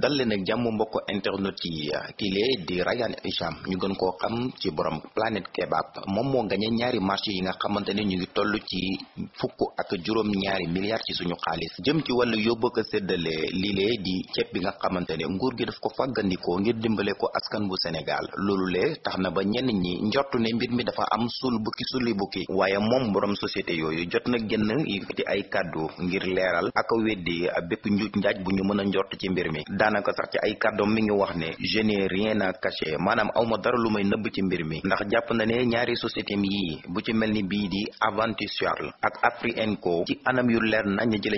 dal leen ak jàmm mbokk internet yi kilee di Rayane Hicham ñu gën koo xam ci borom Planète Kebab moom moo gañe ñaari marché yi nga xamante ne ñu ngi toll ci fukk ak juróom ñaari milliards ci suñu xaalis jëm ci wàllu yóbbu ko séddale lilee di ceeb bi nga xamante ne nguur gi daf ko fàggandikoo ngir dimbale ko askan bu Sénégal loolu le tax na ba ñenn ñi njortu ne mbir mi dafa am suul bukki suli bukki waaye moom borom société yooyu jot na génn yëkkati ay kàddu ngir leeral ak weddi bépp njuuj njaaj bu ñu mën a njort ci mbir mi daanaka sax ci ay kàddoom mi ngi wax ne je n'ai rien à cacher maanaam awma dara lu may nëbb ci mbir mi ndax jàpp na ne ñaari société mi yii bu ci mel ni bii di Avantisuar la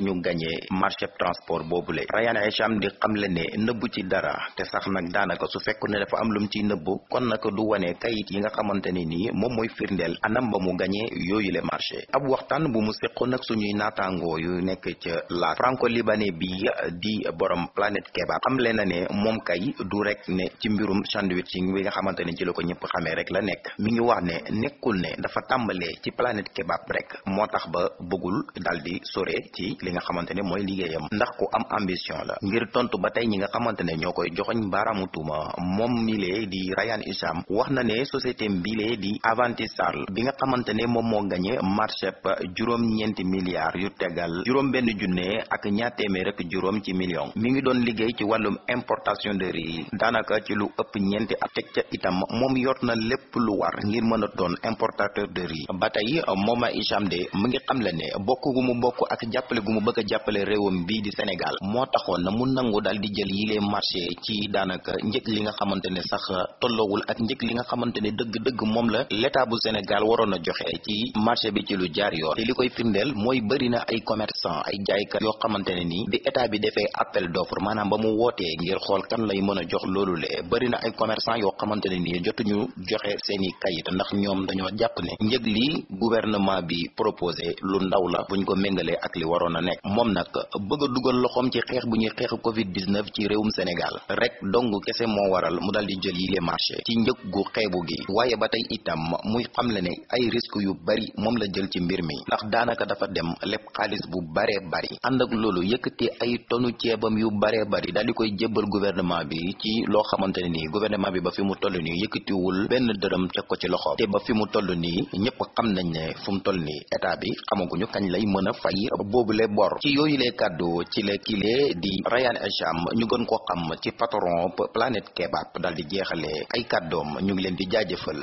ñu gagné marché transport boobule Rayane Hicham di xam le ne nëbb ci dara te sax nag daanaka su fekk ne dafa am lum ciy nëbb kon naka du wane kayit yi nga xamante nii moom mooy firndeel anam ba mu gagné yooyu le marché ab waxtaan bu mu seqoon nag suñuy naataangoo yu nekk ca la franco libanais bi di borom Planète Kebab xamle na ne moom kay du rek ne ci mbirum sandwiching bi nga xamante ne ci la ko ñëpp xamee rek la nekk mi ngi wax ne nekkul ne dafa tàmbalee ci planète kebab rek moo tax ba bëggul dal di sore ci li nga xamante ne mooy liggéeyam ndax ku am ambition la ngir tontu ba tey ñi nga xamante ne ñoo koy joxoñ baaraamu tuuma moom milee di Rayan Issam wax na ne société mbilee di Avantisal bi nga xamante ne moom moo gañe marché ba juróom-ñeenti milliards yu tegal juróom benn junne ak ñaar téeméer rek ci million mi ngi doon wàllum importation de riz yi daanaka ci lu ëpp ñeenti at teg ca itam moom yor na lépp lu war ngir mën a doon importateur de riz ba tey Mooma Hicham de mu ngi xam le ne bokk gu mu bokk ak jàppale gu mu bëgg a jàppale réewam bii di Sénégal moo taxoon na mu nangu daal di jël yi les marché ci daanaka njëg li nga xamante ne sax tolloowul ak njëg li nga xamante ne dëgg-dëgg moom la l'état bu Sénégal waroon a joxe ci marché bi ci lu jaar yoon te li koy firndeel yoo xamante ne nii wootee ngir xool kan lay mën a jox loolu le bari na ay commerçant yoo xamante ne nii jotuñu joxe seeni kayit ndax ñoom dañoo jàpp ne njëg li guvernement bi proposé lu ndaw la buñ ko méngalee ak li waroon a nekk moom nag bëgg dugal loxoom ci xeex bu ñuy xeex covid 19 ci réewum Sénégal rek dong kese moo waral mu dal di jël yi les marché ci njëg gu xeebu gi waaye ba tey itam muy xam xamle ne ay risque yu bari moom la jël ci mbir mi ndax daanaka dafa dem lépp daal di koy jébbal gouvernement bi ci loo xamante ne nii gouvernement bi ba fi mu toll nii yëkkatiwul benn dërëm teg ko ci loxoom te ba fi mu toll nii ñëpp xam nañ ne fu mu toll nii état bi xamaguñu kañ lay mën a boobu boobule bor ci yooyu lee kàddu ci la kile di Ryan Echam ñu gën koo xam ci patron Planète Kebab daal di jeexalee ay kàddoom ñu ngi leen di jaajëfal